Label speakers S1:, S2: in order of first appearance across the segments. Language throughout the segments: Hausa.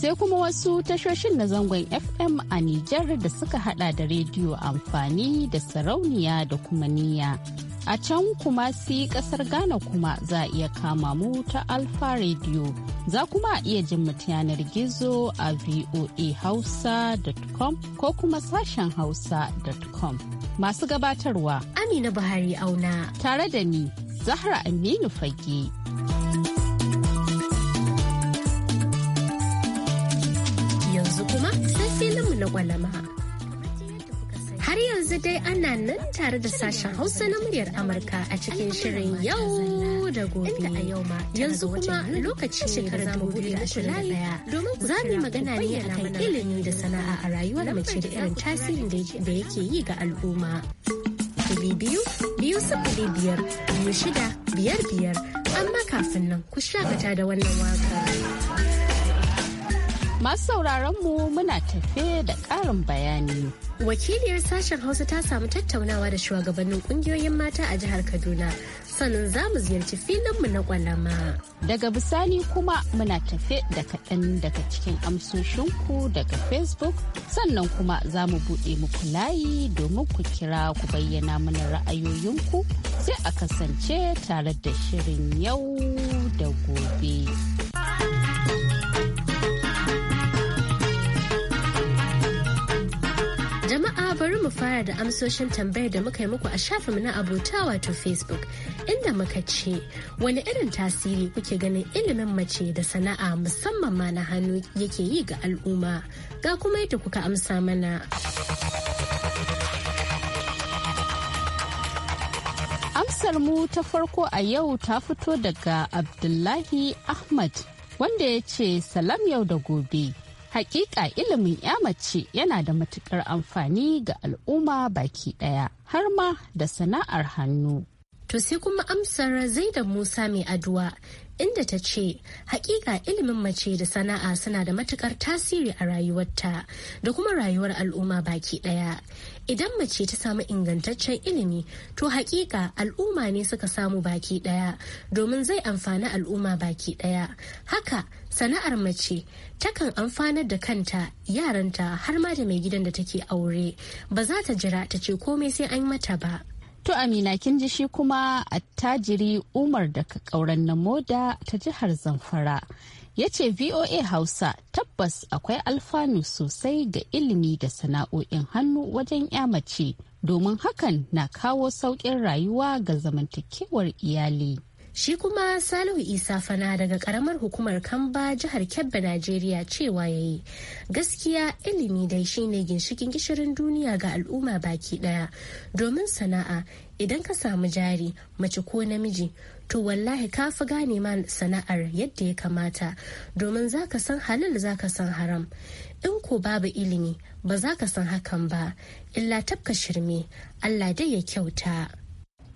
S1: sai kuma wasu tashoshin na zangon FM a Nijar da suka hada da rediyo amfani da sarauniya da kuma niya. A can kuma si kasar Ghana kuma za a iya kama mu ta Alfa Radio. Za kuma iya jin yanar gizo a voahausa.com ko kuma sashen hausa.com. Masu gabatarwa Amina Buhari auna. Tare da ni, Zahra Aminu Fage.
S2: kwalama. Har yanzu dai ana nan tare da sashen Hausa na muryar Amurka a cikin shirin yau da gobe. Yanzu kuma lokaci ne da zamu buɗe daya domin za mu yi magana ne akan ilimi da sana'a a rayuwar mace da irin tasirin da yake yi ga al'umma. biyu biyu sifili biyar biyu shida biyar biyar amma kafin nan ku shakata da wannan waka. Masu sauraron mu muna tafe da ƙarin
S1: bayani.
S2: Wakiliyar sashen Hausa ta samu tattaunawa da shugabannin kungiyoyin mata a jihar Kaduna. Sannan za mu ziyarci mu na kwalama.
S1: Daga bisani kuma muna tafe da kaɗan daga cikin amsoshinku daga Facebook. Sannan kuma za mu buɗe muku layi domin ku kira ku bayyana mana ra'ayoyinku sai a kasance tare da shirin yau da gobe.
S2: ku fara da amsoshin tambayar da muka yi muku a shafin na abota wato Facebook inda muka ce wani irin tasiri kuke ganin ilimin mace da sana'a musamman ma na hannu yake yi ga al'umma ga kuma yadda kuka amsa mana.
S1: Amsar mu ta farko a yau ta fito daga Abdullahi Ahmad wanda ya ce salam yau da gobe. Hakika ilimin ya mace yana da matukar amfani ga al'umma baki daya har ma da sana'ar hannu. To sai kuma amsar da Musa mai aduwa inda ta ce hakika
S2: ilimin mace da sana'a suna da matukar tasiri a rayuwarta da kuma rayuwar al'umma baki daya idan mace ta samu ingantaccen ilimi to hakika al'umma ne suka samu baki daya domin zai amfani al'umma baki daya haka sana'ar mace takan amfanar da kanta yaranta har ma da mai gidan da take aure ba za ta jira
S1: ta ce komai sai an mata ba to amina kin ji shi kuma attajiri umar da kauran na moda ta jihar zamfara ya ce voa hausa tabbas akwai alfanu sosai ga ilimi da sana'o'in hannu wajen ya mace domin hakan na kawo sauƙin rayuwa ga zamantakewar iyali Shi kuma Salihu Isa Fana daga karamar hukumar
S2: Kamba jihar Kebbi Najeriya cewa ya yi gaskiya ilimi dai shine ginshikin gishirin duniya ga al'umma baki daya domin sana'a idan ka samu jari mace ko namiji to wallahi ka fi gane ma sana'ar yadda ya kamata domin za ka san halal za ka san haram in ko babu ilimi ba za ka san hakan ba illa tafka shirme Allah dai ya kyauta.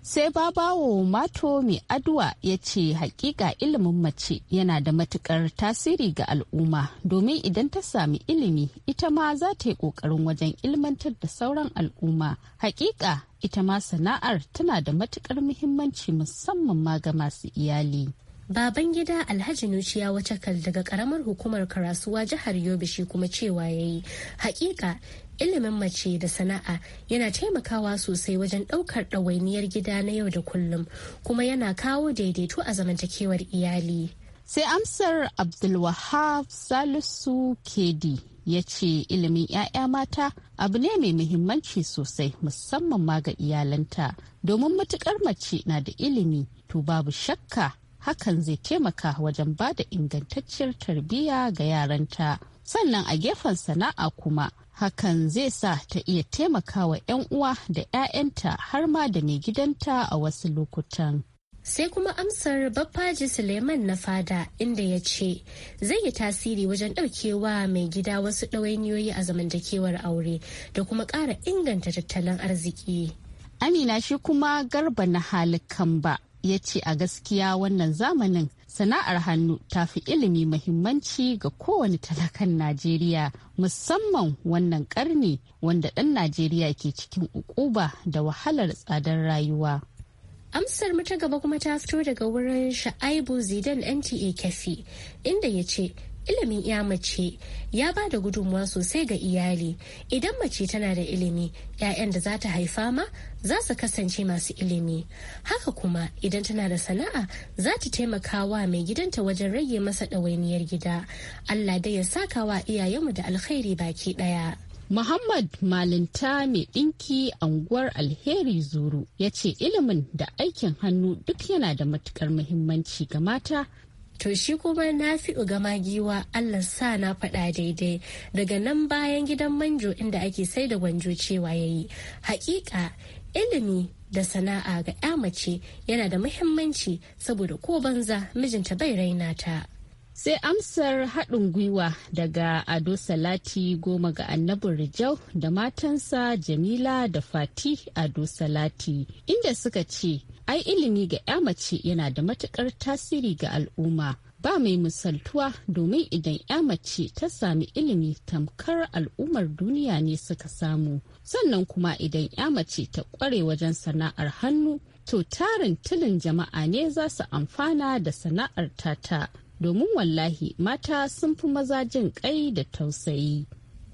S1: sai babawo mato mai aduwa ya ce hakika ilimin mace yana da matukar tasiri ga al'umma domin idan ta sami ilimi ita ma za ta yi kokarin wajen ilmantar da sauran al'umma hakika ita ma sana'ar tana da matukar muhimmanci musamman ma ga masu iyali baban gida alhaji nuciya wacakal
S2: daga karamar hukumar karasuwa jihar yobe shi kuma cewa ya yi hakika ilimin mace da sana'a yana taimakawa sosai wajen ɗaukar ɗawainiyar gida na yau da kullum kuma yana kawo
S1: daidaito a zamantakewar iyali. Sai amsar Abdulwahab Salisu Kedi ya ce ilimin 'ya'ya mata abu ne mai muhimmanci sosai musamman ma ga iyalanta domin matukar mace na da ilimi to babu shakka hakan zai taimaka wajen ba da ingantacciyar tarbiyya ga yaranta. sannan a gefen sana'a kuma hakan zai sa ta iya taimakawa 'yan uwa da 'ya'yanta har ma da mai gidanta a wasu lokutan. sai kuma amsar baffaji suleiman na fada inda ya ce
S2: zai yi tasiri wajen ɗaukewa mai gida wasu ɗawainiyoyi a zamantakewar aure
S1: da kuma ƙara inganta tattalin arziki amina shi kuma garba na halikan ba ya ce a gaskiya wannan zamanin sana'ar hannu ta fi ilimi mahimmanci ga kowane talakan Najeriya musamman wannan karni wanda ɗan Najeriya ke cikin ukuba da wahalar tsadar rayuwa.
S2: Amsar mu ta gaba kuma ta fito daga wurin Sha'aibu Zidan NTA Kafi inda ya ce ilimin ya mace ya ba da gudunmuwa sosai ga iyali idan mace tana da ilimi 'ya'yan da za ta haifa ma za su kasance masu ilimi haka kuma idan tana da sana'a za ta taimaka wa mai gidanta wajen rage masa ɗawainiyar
S1: gida allah dai ya saka wa iyayenmu da alkhairi baki ɗaya Muhammad Malinta mai ɗinki anguwar Alheri Zuru ya ce ilimin da aikin hannu duk yana da matukar muhimmanci ga mata to shi kuma na fi
S2: gama giwa allah sa na faɗa daidai daga nan bayan gidan manjo inda ake sai da gwanjo cewa ya yi hakika ilimi da sana'a ga 'ya mace yana da muhimmanci saboda ko banza mijinta bai raina ta.
S1: Sai amsar haɗin gwiwa daga Ado Salati goma ga annabin Rijau da matansa Jamila da Fati Ado Salati inda suka ce ai ilimi ga 'ya mace yana da matukar tasiri ga al'umma ba mai misaltuwa domin idan 'ya mace ta sami ilimi tamkar al'ummar duniya ne suka samu sannan kuma idan 'ya mace ta kware wajen sana'ar hannu to tarin tilin jama'a ne za su amfana da sana'ar tata domin wallahi mata sun fi maza jin kai da tausayi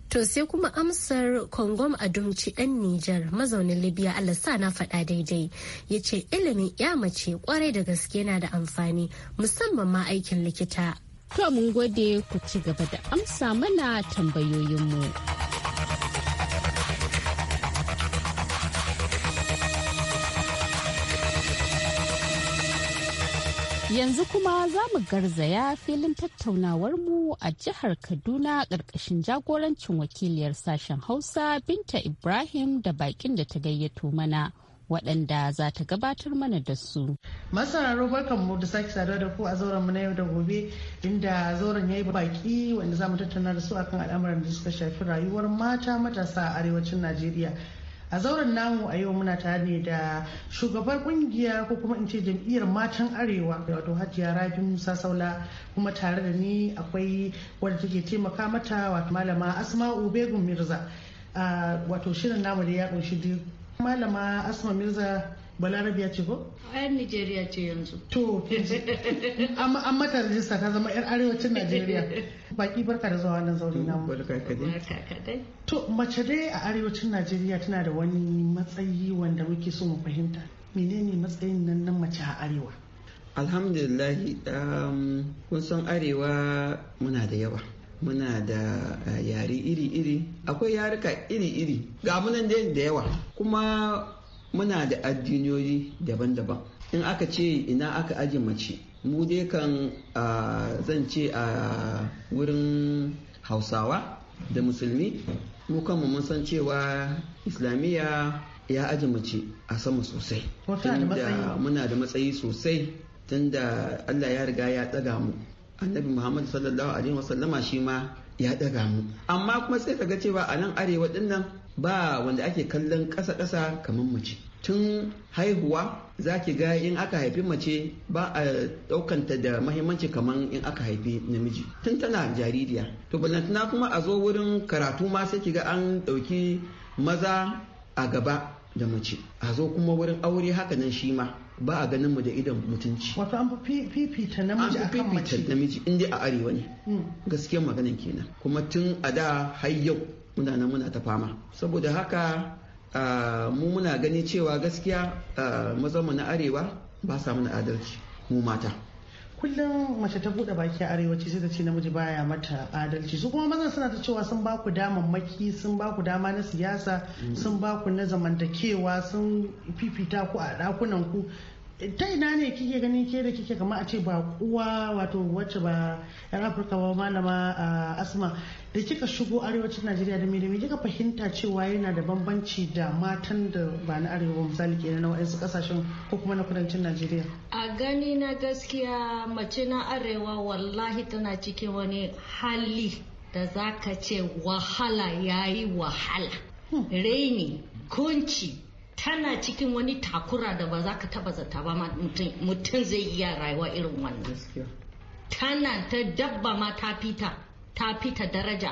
S1: To sai kuma amsar
S2: Kongom Adumci ɗan Nijar mazaunin Libya sa na faɗa daidai ya ce ilimin ya mace kwarai da gaske na da amfani musamman ma aikin likita.
S1: To mun gode ku ci gaba da amsa mana tambayoyinmu. Yanzu kuma za mu garzaya filin tattaunawarmu a jihar Kaduna ƙarƙashin jagorancin wakiliyar sashen Hausa Binta Ibrahim da baƙin da ta gayyato mana. waɗanda za ta gabatar mana da su. masararru barkan mu da sake saduwa da ku a zauren mu na yau da gobe inda
S3: zauren ya yi baƙi wanda za mu tattauna da su akan al'amuran da suka shafi rayuwar mata matasa a arewacin Najeriya. a zauren namu a yau muna tare ne da shugabar kungiya ko kuma in ce jam'iyyar matan arewa wato hajiya rabi musa saula kuma tare da ni akwai wadda take taimaka mata wato malama asma'u begun mirza wato shirin namu da ya kunshi malama asma mirza balarabiya ce ko? yan nigeria ce yanzu to an mata rajista ta zama yar arewacin nigeria baki barka da zuwa nan zaure na to mace dai a arewacin nigeria tana da wani matsayi wanda muke so mu fahimta menene matsayin nan na mace a arewa
S4: alhamdulillah um, kun san arewa muna da yawa muna da uh, yare iri-iri akwai yarika iri-iri ga munan da yawa kuma muna da addiniyoyi daban-daban in aka ce ina aka aje mace mu dai kan zan ce a wurin hausawa da musulmi mu kanmu mun san cewa islamiyya ya aje mace a sama sosai muna da matsayi sosai tunda allah ya riga ya ɗaga mu annabi muhammad sallallahu alaihi wasallama shi ma ya ɗaga mu amma kuma sai ka ga cewa a nan arewa dinnan ba wanda ake kallon ƙasa-ƙasa kamar mace tun haihuwa za ki ga in aka haifi mace ba a ɗaukanta da mahimmanci kamar in aka haifi namiji tun tana jaririya to balantana kuma a zo wurin karatu ma sai ki ga an ɗauki maza a gaba da mace a zo kuma wurin aure haka nan shi ma ba a ganin mu da idon mutunci wato an fi fifita namiji akan mace An fi fifita namiji inda a arewa ne mm. gaskiyar maganin kenan kuma tun a da har yau muna nan muna ta fama saboda haka mu muna gani cewa gaskiya mazanmu na arewa ba sa mana adalci mu mata
S3: kullum mace ta bude baki a arewaci sai ta ce namiji baya mata adalci su kuma mazan suna ta cewa sun ba ku maki sun ba ku dama na siyasa mm. sun ba ku na zamantakewa sun fifita ku a dakunan ku ta ina ne kike ganin ke da kike kama a ce ba uwa wato wacce ba yan afirka ba malama a asma da kika shigo arewacin najeriya da mai kika fahimta cewa yana da bambanci da matan da ba na arewa misali ke na wa'insu kasashen ko kuma na kudancin najeriya
S5: a gani na gaskiya mace na arewa wallahi tana cikin wani hali da za ka ce wahala ya yi wahala hmm. raini kunci tana cikin wani takura da ba za ka taba zata ba mutum zai iya rayuwa irin wannan tana ta dabba ma ta fita ta fita daraja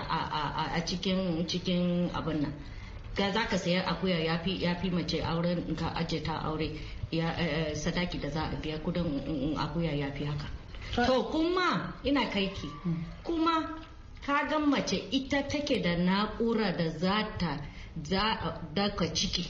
S5: a cikin cikin abin nan ga za ka sayar akuya ya fi mace auren ka aje ta aure eh, sadaki da za a biya kudin mm, mm, akuya ya fi haka to kuma ina kaiki hmm. kuma ka ga mace ita take da na'ura da za ta daka ciki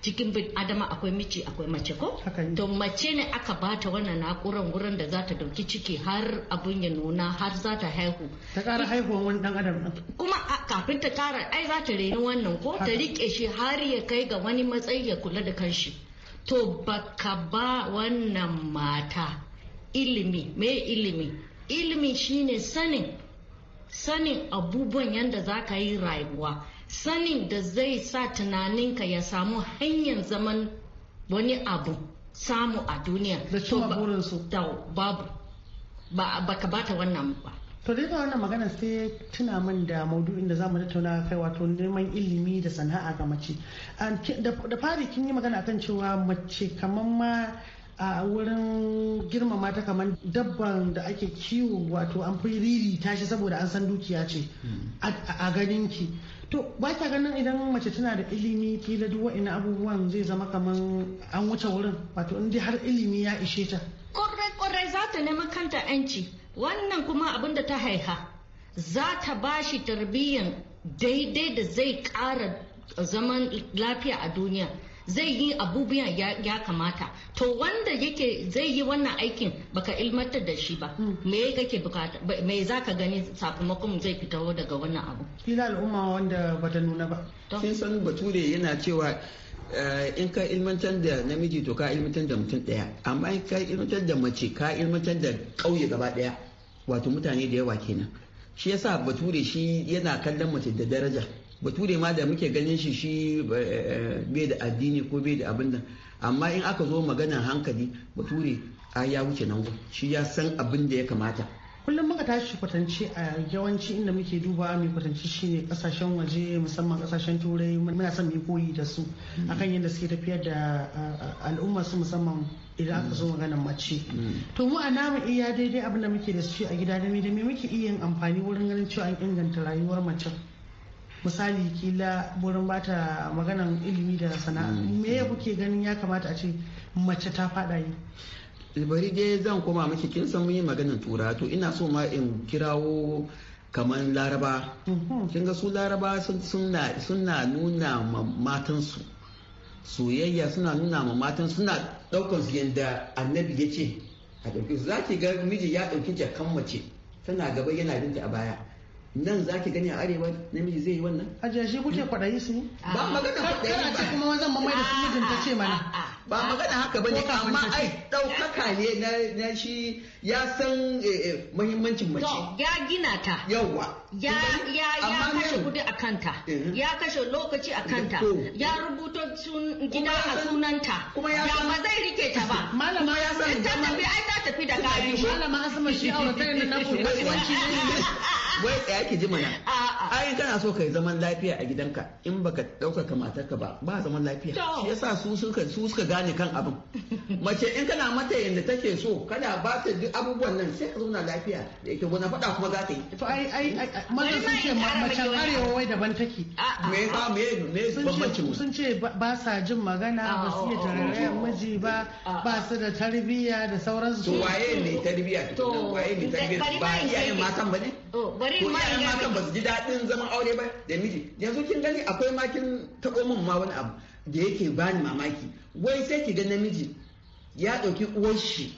S5: cikin bin adama akwai mici akwai mace ko to mace ne aka bata wannan nakuran wurin da za ta dauki ciki har abun ya nuna har za ta haihu ta kara haihuwa wani dan adam kuma kafin ta kara ai za ta reni wannan ko ta rike shi har ya kai ga wani matsayi ya kula da kanshi to baka ba wannan mata ilimi me ilimi ilimi shine sanin sanin abubuwan yanda za ka yi rayuwa sanin da zai sa tunaninka ya samu hanyar zaman wani abu samu a duniya da babu ba ka bata wannan ba
S3: to dai da wannan magana sai tuna min da maudu'in da zamu tattauna kai wato neman ilimi da sana'a ga mace da fari kin yi magana akan cewa mace kamar ma a wurin girmama ta kamar dabban da ake kiwo wato an fi riri tashi saboda an san dukiya ce hmm. a ganinki to ba ka ganin idan mace tana da ilimi kila duk wa'ina abubuwan zai zama kamar an wuce wurin wato in dai har ilimi ya ishe ta
S5: kwarai kwarai za ta nemi kanta yanci wannan kuma abin da ta haiha za ta ba shi tarbiyyan daidai da zai kara. zaman lafiya a duniya zai yi abubuwa ya kamata to wanda yake zai yi wannan aikin baka ilmantar da shi ba hmm. me kake bukata me za ka gani sakamakon zai fito daga wannan abu
S4: fina al'umma wanda bata nuna ba sun san bature yana cewa eh, in ka ilmantar da namiji to ka ilmantar da mutum daya amma in ka ilmantar da mace ka ilmantar da kauye gaba daya wato mutane da yawa kenan shi yasa bature shi yana kallon mace da daraja bature ma da muke ganin shi shi eh, bai da addini ko bai da abin nan amma in aka zo magana hankali bature a ya wuce nan shi ya san abin da ya kamata kullum muka tashi kwatance
S3: a yawanci inda muke duba mai kwatance shine kasashen waje musamman kasashen turai muna son mai koyi da su hmm. akan yadda suke tafiyar da al'umma su musamman idan aka zo magana mace hmm. to mu a namu iya eh, daidai abin da muke da su a gida da me muke iya amfani wurin ganin cewa an inganta rayuwar mace misali kila burin bata maganan ilimi da sana'a mm. me ya kuke ganin ya kamata a ce mace ta fada
S4: yi bari dai zan koma miki kin san mun yi maganar tura to ina so ma in kirawo kamar laraba mm-hmm. kin ga su laraba suna nuna matansu soyayya suna nuna ma matan suna daukan su yadda annabi ya ce a ɗauki za ki ga miji ya ɗauki jakan mace tana gaba yana binta a baya nan za ki gani a arewa namiji zai yi wannan a jashi kuke kwaɗayi su ba magana kwaɗayi ba ce kuma wanzan mamai da su mijin ta ce mana ba magana haka bane amma ai ɗaukaka ne na shi ya san eh, eh, muhimmancin mace
S5: ya gina ta yawa ya kashe kudi a kanta eh. ya kashe lokaci a kanta ya rubuto gida a sunanta ya ba zai rike ta ba malama ya san ta tafi ai ta tafi da kayan malama asma shi a wata na
S1: kuma wanci ne
S4: wai tsaya ki ji mana ai kana so kai zaman lafiya a gidanka in baka ɗaukaka matarka ba ba zaman lafiya shi yasa su suka su suka gane kan abin mace in kana mata yadda take so kada ba ta duk abubuwan nan sai ka zauna lafiya da yake wani faɗa kuma za ta yi
S3: to ai ai maza sun ce macen arewa wai
S4: daban take me yasa me me
S3: bambancin sun ce ba sa jin magana ba su iya tarayyar miji ba ba su da
S4: tarbiyya da sauransu to waye ne tarbiyya to waye ne tarbiyya ba iyayen matan ba ne oh, bari ma in ma kan ba su ji daɗin zaman aure ba da miji yanzu kin gani akwai makin taɓo min ma wani abu da yake bani mamaki wai sai ki ga namiji ya ɗauki uwar shi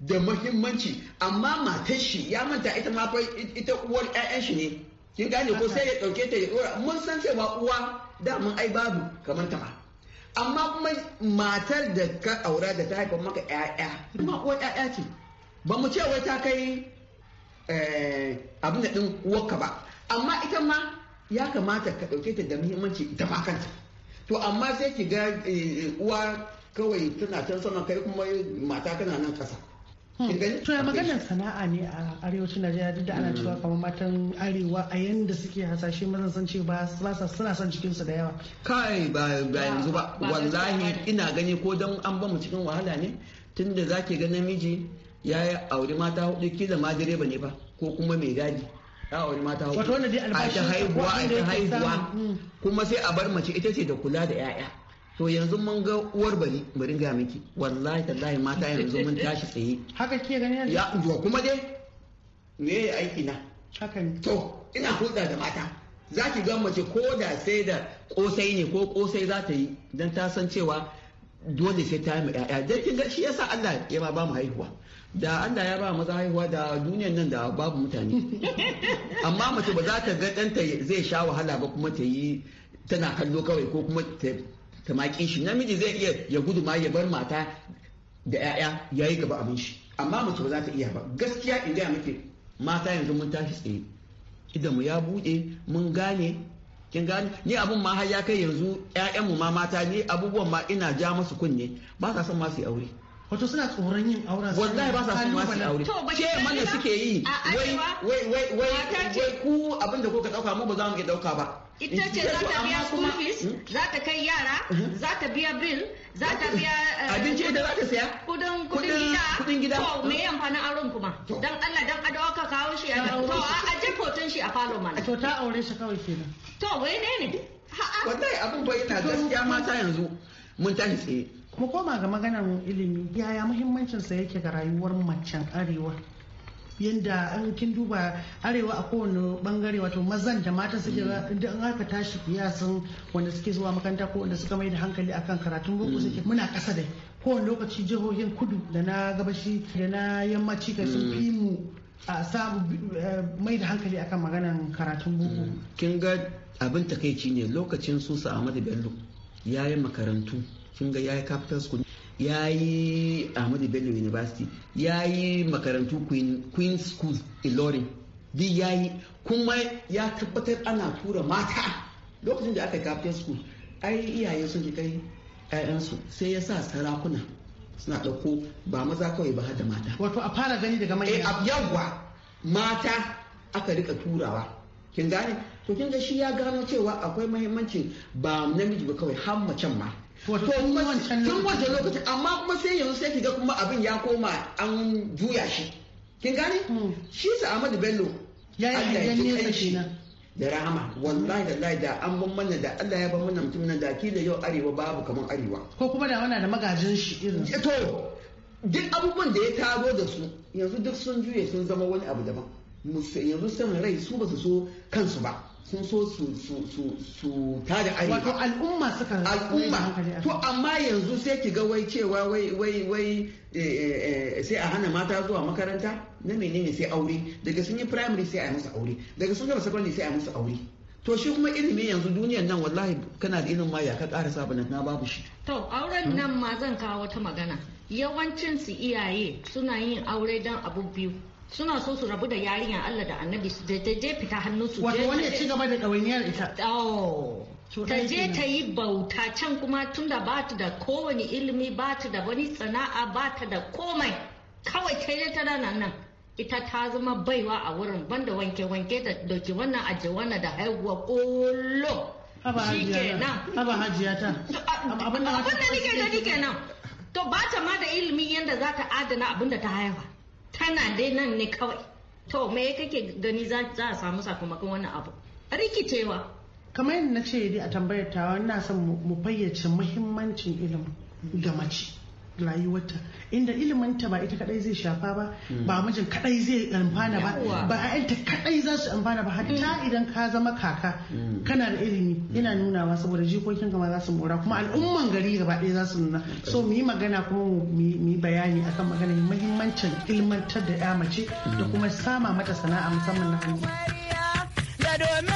S4: da mahimmanci amma matar shi ya manta ita ma fa ita uwar ƴaƴan shi ne kin gane ko sai ya dauke ta ya ɗora mun san cewa uwa da mun ai babu kamar ta ma amma kuma matar da ka aura da ta haifar maka ƴaƴa kuma uwar ƴaƴa ce ba mu ce wai ta kai Eh, abin da ɗin uwarka ba amma ita ma ya kamata ka ɗauke ta da muhimmanci ita ma to amma sai ki ga eh, uwa kawai tana can sama kai kuma mata kana nan ƙasa
S3: hmm. to ya maganar sana'a ne a arewacin najeriya duk da ana hmm. cewa kamar matan arewa a yanda suke hasashe mazan san ce ba suna son cikinsu da yawa
S4: kai ba yanzu ba wallahi ina gani ko don an ba mu cikin wahala ne tunda zaki ga namiji ya auri mata hudu kila ma direba ne ba ko kuma mai gadi ya auri mata hudu a ta haihuwa a ta haihuwa mm. kuma sai a bar mace ita ce da kula da 'ya'ya to yanzu mun ga uwar bari bari ga miki wallahi tallahi mata yanzu mun tashi tsaye haka ke gani ya duwa kuma dai me ya aiki na haka ne to ina hulɗa da mata za ki ga mace ko da sai da kosai ne ko kosai za ta yi don ta san cewa dole sai ta yi ma 'ya'ya dan kin ga shi yasa Allah ya ba mu haihuwa da Allah ya ba maza haihuwa da duniyan nan da babu mutane
S3: amma
S4: mace ba za ta ga danta zai sha wahala ba kuma ta yi tana kallo kawai ko kuma ta maƙi shi namiji zai iya ya gudu ma ya bar mata da 'ya'ya ya yi gaba abin shi amma mace ba za ta iya ba gaskiya in gaya muke mata yanzu mun tashi tsaye idan mu ya buɗe mun gane kin gane ni abun ma har ya kai yanzu mu ma mata ni abubuwan ma ina ja masu kunne ba sa son ma su yi aure wato suna tsoron yin aure wallahi ba sa son su aure ce mana suke yi wai wai wai wai ku abinda kuka dauka mu ba za mu ke dauka ba ita ce za ta biya school fees hmm?
S5: za ta kai yara hmm? za ta biya bill za ta biya eh, abinci da za ta saya kudin kudin gida kudin gida to me amfanin auren kuma dan Allah dan adawa ka kawo shi a to a je hoton shi a falo mana to ta aure shi kawai kenan to wai ne ne wallahi abin
S3: bai ina gaskiya
S4: mata yanzu mun tashi tsaye
S3: mu koma ga maganar ilimi yaya muhimmancinsa yake ga rayuwar macen arewa yadda an kin duba arewa a kowane bangare wato mazan da matan suke da mm. an aka tashi kiyasin wanda suke zuwa makaranta ko wanda suka mai da hankali akan karatun boko mm. suke muna kasa dai kowane lokaci jihohin kudu da na gabashi da na yammaci ka sun fi mm. mu a samu eh, mai da hankali akan maganan karatun boko
S4: kin ga abin takaici ne lokacin su sa Ahmadu Bello yayin makarantu kin ga yayi capital school yayi Ahmadu Bello University yayi makarantu Queen Queen School Ilorin duk yayi kuma ya tabbatar ana tura mata lokacin da aka capital school ai iyaye sun kai 'ya'yansu sai ya sa sarakuna suna ɗauko ba maza kawai ba mata wato a fara gani daga mai eh yawwa mata aka rika turawa kin gane to kin ga shi ya gano cewa akwai muhimmanci ba namiji ba kawai har macen ma to tun wancan lokacin amma kuma sai yanzu sai kiga kuma abin ya koma an juya shi kin gane hmm. shi sa Ahmadu Bello ya yi shi da rahama wallahi da lai da an ban mana da Allah ya ban mana mutum nan da kila yau arewa babu kamar arewa ko kuma da wana da magajin shi irin eh, to duk abubuwan da ya taro da su yanzu duk sun juye sun zama wani abu daban yanzu sun rai su ba su so kansu ba sun so su su su su ta da arewa wato
S3: al'umma suka al'umma
S4: to amma yanzu sai ki ga wai cewa wai wai wai eh, eh, eh, sai a hana mata zuwa makaranta na menene sai aure daga sun yi primary sai a musu aure daga sun gama secondary sai a musu aure to shi kuma ilimi yanzu duniyar nan wallahi kana da ilimin ma ya ka ƙara sabon na babu shi
S5: to auren nan ma zan kawo wata magana yawancin su iyaye suna yin aure don abu biyu suna so su rabu da yarinyar Allah da annabi su da je fita hannun su wato ya ci gaba da ɗawainiyar ita ta je ta yi bauta can kuma tunda ba ta da kowane ilimi ba ta da wani sana'a ba ta da komai kawai ta yi ta nan nan ita ta zama baiwa a wurin banda wanke-wanke da doki wannan aji wannan da haihuwa kullum shi kenan abin da nike nike nan. to ba ta ma da ilimin yadda za ta adana abin da ta haifa tana dai nan ne kawai to me kake gani za a samu sakamakon wannan abu rikicewa
S3: kamar yadda na ce a tambayar ta ina son mu fayyace muhimmancin ilimi ga mace rayuwarta inda iliminta ba ita kadai zai shafa ba hmm. ba mijin kadai zai amfana ba ba ta kadai za su amfana ba hatta hmm. idan ka zama kaka hmm. kana da ilimi yana nunawa saboda jikokin gama za su mora kuma al'umman gari gaba ɗaya za su nuna so mu yi magana kuma mu yi bayani akan maganar muhimmancin ilmantar da ya mace da kuma sama mata sana'a musamman na
S6: hannu.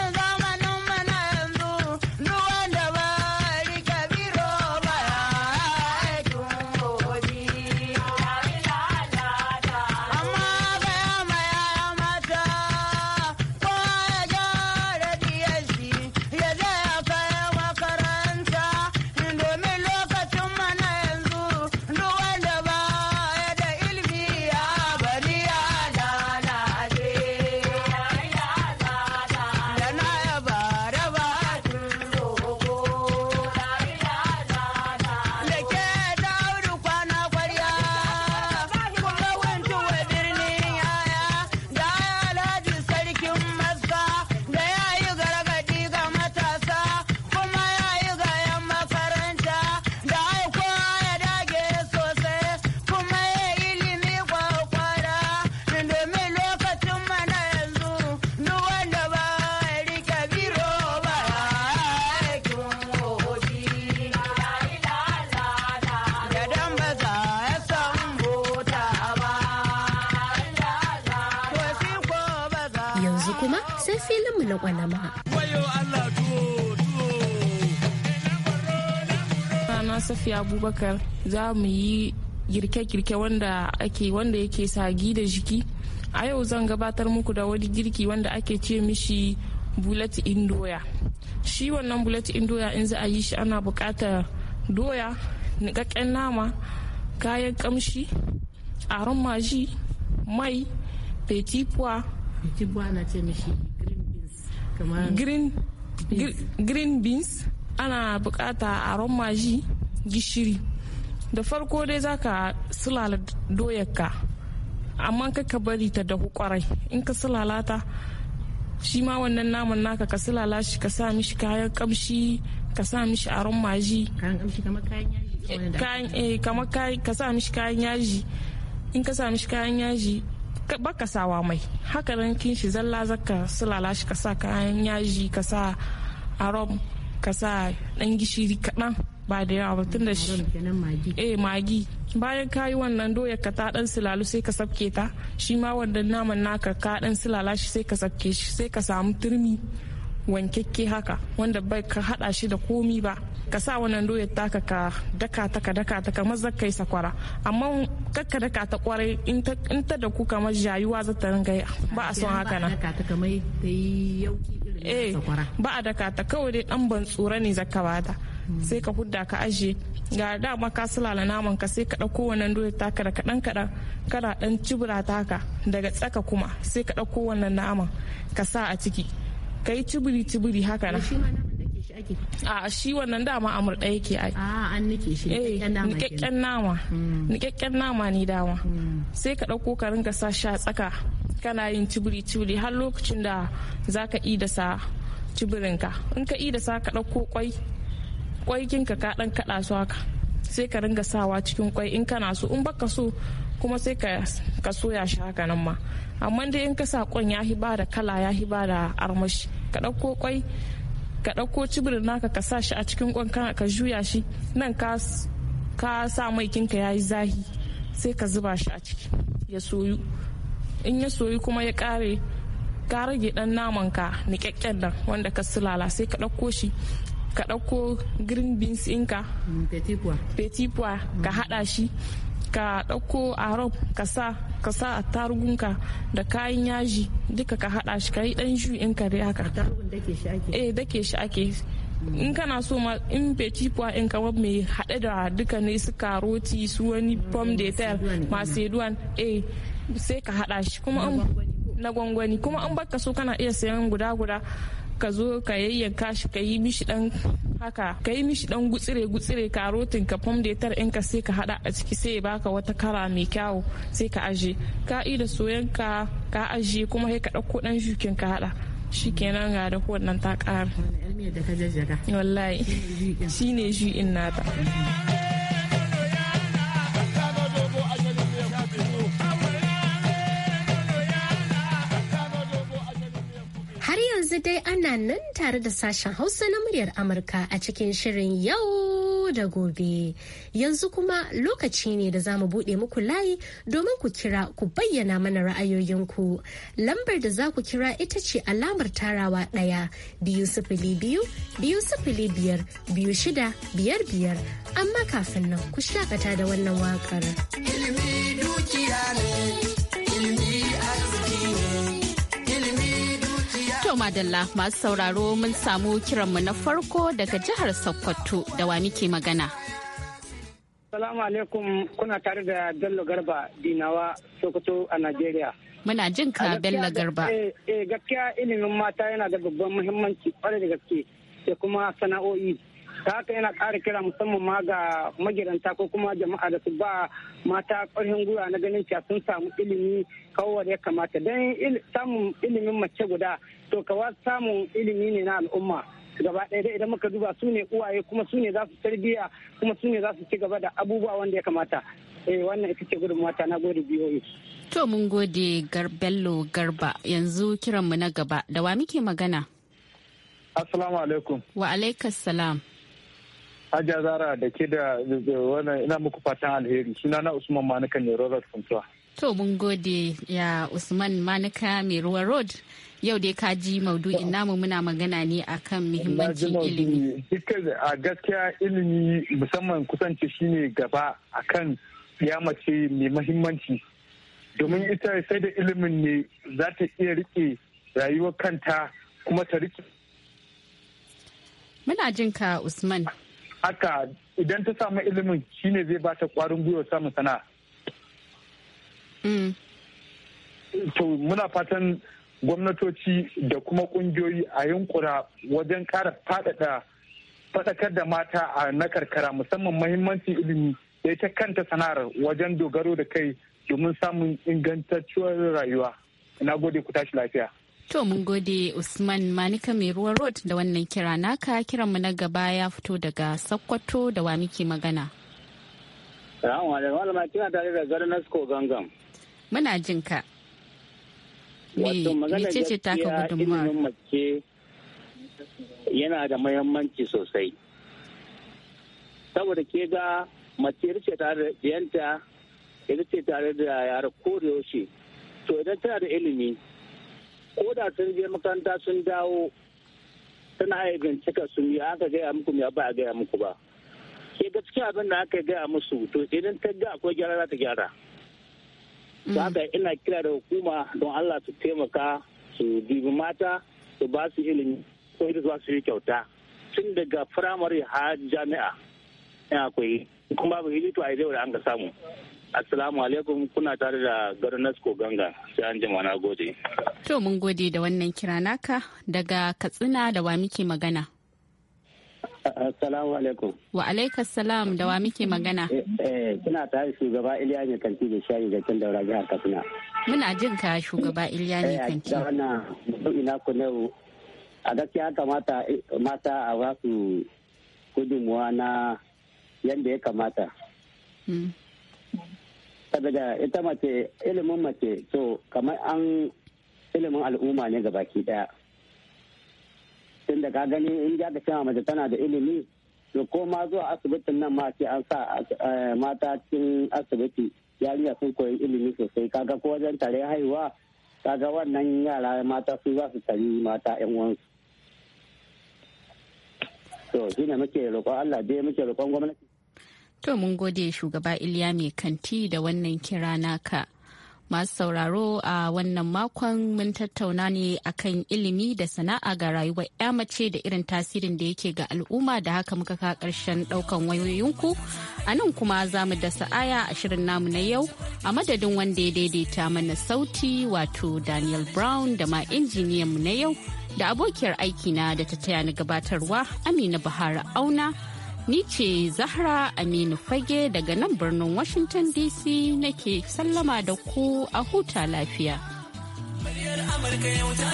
S7: ma. Na Safiya Abubakar za mu yi girke-girke wanda ake wanda yake sagi da jiki. A yau zan gabatar muku da wani girki wanda ake ce mishi in doya Shi wannan bulat doya in za a yi shi ana bukatar doya, niƙaƙƙen nama, kayan ƙamshi, aron maji, mai, petit pois. Petit pois na ce mishi green beans ana bukata a romaji gishiri da farko dai zaka sulala doyarka amma ka bari ta dahu kwarai in ka sulalata shi ma wannan naman naka ka sulala shi ka sa mishi kayan kamshi ka sa mishi aron maji eh, ka sa mishi kayan yaji in ka sa mishi kayan yaji baka sawa mai haka rankin shi zalla zaka sulala shi ka kayan yaji kasa sa arom ka dan gishiri kaɗan ba da yawa ba tun da shi eh magi bayan kayi wannan doya ka ta dan silalu sai ka sabke ta shi ma wannan naman naka ka dan sulala shi sai ka sabke shi sai ka samu turmi wankekke haka wanda bai ka hada shi da komi ba ka sa wannan doyar taka ka daka ta daka ta kamar zaka sakwara amma kakka daka ta kwarai in ta da ku kamar jayuwa za ta ringa ba a son haka na eh, ba a daka ta kawai dai dan ban tsura ne zaka bata hmm. sai ka hudda ka ajiye ga dama ka sulala naman ka sai ka dauko wannan doyar taka da kadan kadan kana dan cibira taka daga tsaka kuma sai ka dauko wannan naman ka sa a ciki kai cibiri cibiri haka na ake a shi wannan dama amur ɗaya yake a an nike shi eh, nikakken nama hmm. hmm. sai ka ɗauko ka ringa sa sha tsaka kana yin cibiri cibiri har lokacin da za ka ida sa cibirinka in ka ida sa ka ɗauko kwai kwai kin ka ɗan kaɗa su haka sai ka ringa sawa cikin kwai in kana so in baka so kuma sai ka soya shi haka nan ma amma dai in ka sa kwan ya ba da kala ya ba da armashi ka ɗauko kwai ka ɗauko cibirin naka ka sa shi a cikin ƙwanka ka juya shi nan ka sa mai kinka ya yi zahi sai ka zuba shi a ciki ya soyu in ya soyu kuma ya ƙare ka rage ɗan naman ka niƙaƙƙen nan wanda ka sulala sai ka ɗauko shi ka ɗauko green beans ɗinka mm, petit pois ka haɗa shi ka ɗauko rob ka sa a tarugunka da kayan yaji duka ka haɗa shi ka yi ɗan ju in ka dai haka eh dake shi ake in kana so ma in petit pois in kawo mai haɗe da duka ne su karoti su wani pom de terre macedon eh sai ka haɗa shi kuma na gwangwani kuma an baka so kana iya sayan guda guda ka zo ka yayyanka shi ka yi mishi dan haka ka yi mishi dan gutsire gutsire karotin ka fomdetar in ka sai ka hada a ciki sai ya baka wata kara mai kyawu sai ka aje ka da soyan ka ka aje kuma sai ka dauko dan shukin ka hada kenan ga da wannan ta kara wallahi shine in nata
S2: Ana nan tare da sashen Hausa na muryar Amurka a cikin shirin yau da gobe. Yanzu kuma lokaci ne da za mu buɗe muku layi domin ku kira ku bayyana mana ra'ayoyinku. Lambar da za ku kira ita ce alamar tarawa ɗaya biyu sifili biyu biyu sifili biyar biyu shida biyar biyar. Amma kafin nan ku shakata da wannan waƙar.
S1: To madalla masu sauraro mun samu kiranmu na farko daga jihar Sokoto da wa muke magana.
S3: Salamu alaikum kuna tare da Bello Garba Dinawa Sokoto a Najeriya.
S1: Muna jin ka Bello Garba.
S3: Eh, eh gaskiya ilimin mata yana da babban muhimmanci kwarai da gaske da kuma sana'o'i. ta haka yana kara kira musamman ma ga magidanta ko kuma jama'a da su ba mata ƙarfin gwiwa na ganin cewa sun samu ilimi kawai ya kamata don samun ilimin mace guda to kawai samun ilimi ne na al'umma gaba ɗaya dai idan muka duba su ne uwaye kuma su ne za su tarbiyya kuma su ne za su ci gaba da abubuwa wanda ya kamata eh wannan ita ce gudun
S6: mata na gode biyoyi
S1: to mun gode garbello garba yanzu kiranmu na gaba da wa muke magana assalamu alaikum wa alaikas salam
S6: Hajiya Zara da ke da wannan ina muku fatan alheri na Usman Manuka ne Robert Funtuwa.
S1: To mun gode ya Usman Manuka mai ruwa road yau dai ka ji maudu'in namu muna magana ne akan muhimmancin
S6: ilimi. a gaskiya ilimi musamman kusanci shine gaba akan ya mace mai mahimmanci domin mm. ita sai da ilimin ne za ta iya rike rayuwar kanta kuma ta rike.
S1: Muna jin ka Usman.
S6: haka idan ta samu ilimin shine zai ba ta kwarin gwiwa samun sana'a mm. to muna fatan gwamnatoci da kuma kungiyoyi a yunkura wajen kara faɗaɗa faɗakar da mata a na karkara musamman mahimmancin ilimi da ita kanta sana'ar wajen dogaro da kai domin samun ingantacciyar rayuwa na gode ku tashi lafiya
S1: To mun gode Usman Manika mai ruwan road da wannan kira naka mu na gaba ya fito daga Sokoto da wa muke magana.
S6: Salamu alaikum malama kina tare da Garnasko Gangam.
S1: Muna jin ka. Wato magana ce ta ka
S6: mace yana da muhimmanci sosai. Saboda ke ga mace ce tare da diyanta, ita ce tare da yara kodayaushe. To idan tana da ilimi, ko da sun je makaranta sun dawo suna yi bincika sun yi aka gaya muku me ba a gaya
S3: muku ba ke gaskiya abin da aka gaya musu to idan ta ga akwai gyara za ta gyara
S6: ba mm. haka ina kira da hukuma don Allah su taimaka su dubi mata su ba su ilimi ko ita za su yi kyauta tun daga firamare har jami'a ina akwai kuma babu hijito a yau da an ga samu Assalamu alaikum kuna tare da Nasko Ganga sai an jima na gode.
S1: To mun gode da wannan kira naka daga Katsina da wa muke magana. Assalamu alaikum. Wa alaikas salam da wa muke magana. Eh kuna eh, tare shugaba Iliya ne kanti da shayi da can daura jihar Katsina. Muna jin ka shugaba Iliya ne eh, kanti. Eh wannan ina ku ne a gaskiya kamata eh, mata a wasu gudunmuwa na yadda ya kamata. Hmm. saboda ita mace ilimin mace to kamar an ilimin al'umma ne ga baki daya tunda ka gani in ya ka cewa mace tana da ilimi to ko ma zuwa asibitin nan ma ce an sa eh, mata cikin asibiti yariya
S3: sun koyi ilimi sosai kaga ko wajen tare haihuwa kaga wannan yara mata su za su
S4: tari mata yan uwansu to shine muke roƙon Allah dai muke roƙon gwamnati
S1: To mun gode shugaba Iliya mai kanti da wannan kira naka. Masu sauraro a wannan makon mun tattauna ne akan ilimi da sana'a ga rayuwar 'ya mace da irin tasirin da yake ga al'umma da haka muka ka karshen daukan wayoyinku. A nan kuma za mu da sa'aya a shirin namu na yau a madadin wanda ya daidaita mana sauti wato Daniel Brown da ma injiniyanmu na yau da abokiyar aiki na da ta taya ni gabatarwa Amina Bahara Auna. Ni ce Zahra Aminu Fage daga nan birnin Washington DC nake sallama da ku a huta lafiya.
S6: Amurka yau ta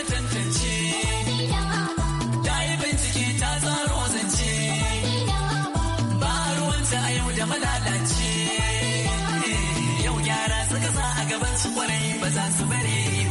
S6: ba da malalace. Eh, yau gyara suka sa a gaban su kwarai ba za su bare.